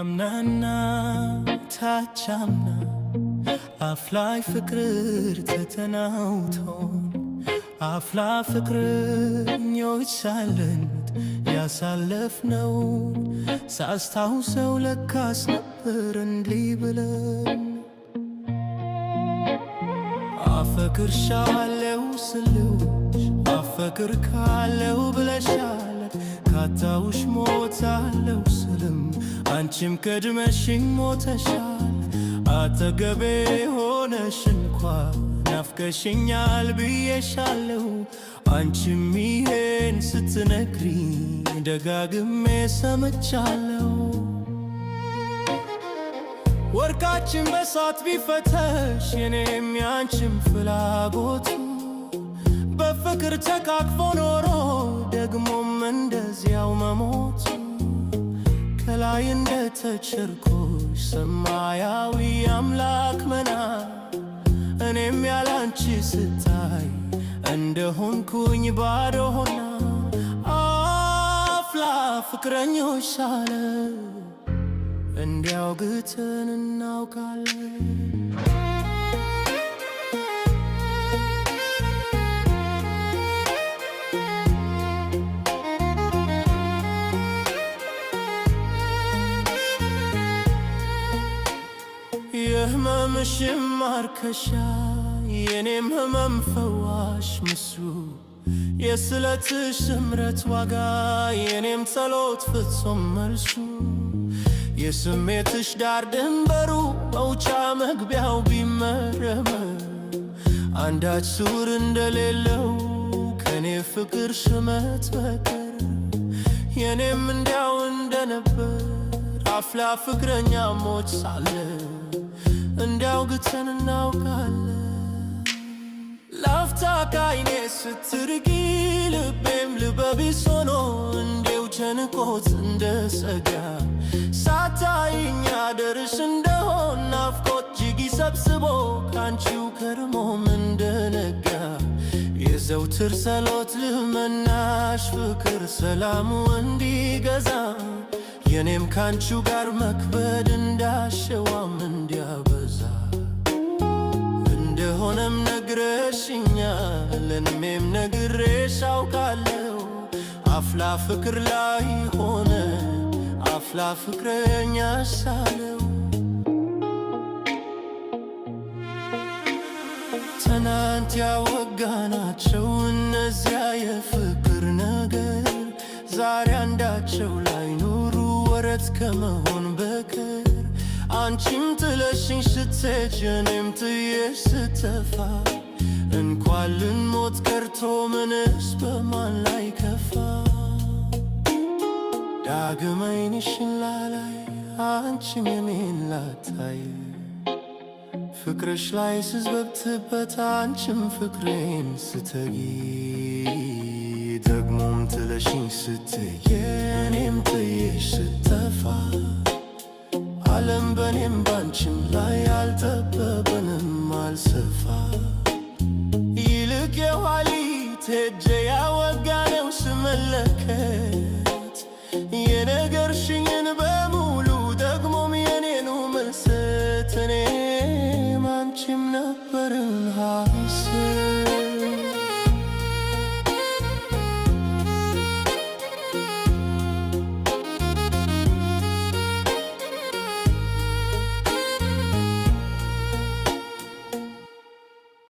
አምናና ታቻምና አፍላይ ፍቅር ተተናውቶን አፍላ ፍቅረኞች ሳልንት ያሳለፍነው ሳስታውሰው ለካስ ነበር እንዲህ ብለን አፈቅርሻለው ስልሽ አፈቅር ካለው ብለሻለ ካታውሽ ሞ አንቺም ከድመሽኝ ሞተሻል አጠገቤ ሆነሽ እንኳ ናፍቀሽኛል ብዬሻለሁ አንቺም ይሄን ስትነግሪ ደጋግሜ ሰምቻለሁ። ወርቃችን በሳት ቢፈተሽ የኔም ያንቺም ፍላጎቱ በፍቅር ተቃቅፎ ኖሮ ደግሞም እንደዚያው መሞቱ ተቸርኩሽ ሰማያዊ አምላክ መና እኔም ያላንቺ ስታይ እንደሆንኩኝ ባዶ ሆና አፍላ ፍቅረኞች አለ እንዲያውግትን እናውቃለን የህመምሽም ማርከሻ የኔም ህመም ፈዋሽ ምሱ የስለትሽ ስምረት ዋጋ የኔም ጸሎት ፍጹም መልሱ የስሜትሽ ዳር ድንበሩ መውጫ መግቢያው ቢመረመር አንዳች ሱር እንደሌለው ከኔ ፍቅር ሽመት በቀር የኔም እንዲያው እንደነበር አፍላ ፍቅረኛሞች ሳለ መቼን እናውቃለን ላፍታ ካይኔ ስትርቂ ልቤም ልበቢስ ሆኖ እንዴው ቸንቆት እንደሰጋ ሳታይኛ ደርሽ እንደሆን ናፍቆት ጅጊ ሰብስቦ ካንቺው ከርሞም እንደነጋ የዘውትር ሰሎት ልመናሽ ፍቅር ሰላሙ እንዲገዛ የኔም ካንቺው ጋር መክበድ እንዳሸዋም እንዲያበ እንደሆነም ነግረሽኛል፣ እኔም ነግሬሽ አውቃለሁ። አፍላ ፍቅር ላይ ሆነ አፍላ ፍቅረኛ ሳለው ትናንት ያወጋናቸው እነዚያ የፍቅር ነገር ዛሬ አንዳቸው ላይ ኑሩ ወረት ከመሆን በቀር አንቺም ጥለሽኝ ስትሄጅ እኔም ጥዬሽ ስተፋ እንኳን ልንሞት ቀርቶ ምንስ በማን ላይ ከፋ ዳግም ዓይንሽን ላላይ አንቺም የኔን ላታይ ፍቅርሽ ላይ ስዝበብትበት አንቺም ፍቅሬን ስተጊ ደግሞም ትለሽኝ ስትይ እኔም ጥዬሽ ስተፋ ዓለም በኔም ባንችም ላይ አልጠበበንም አልሰፋ ይልቅ የኋሊት ሄጄ ያወጋነው ስመለከት የነገርሽኝን በሙሉ ደግሞም የኔኑ መልሰት እኔም አንቺም ነበርን ሀሴ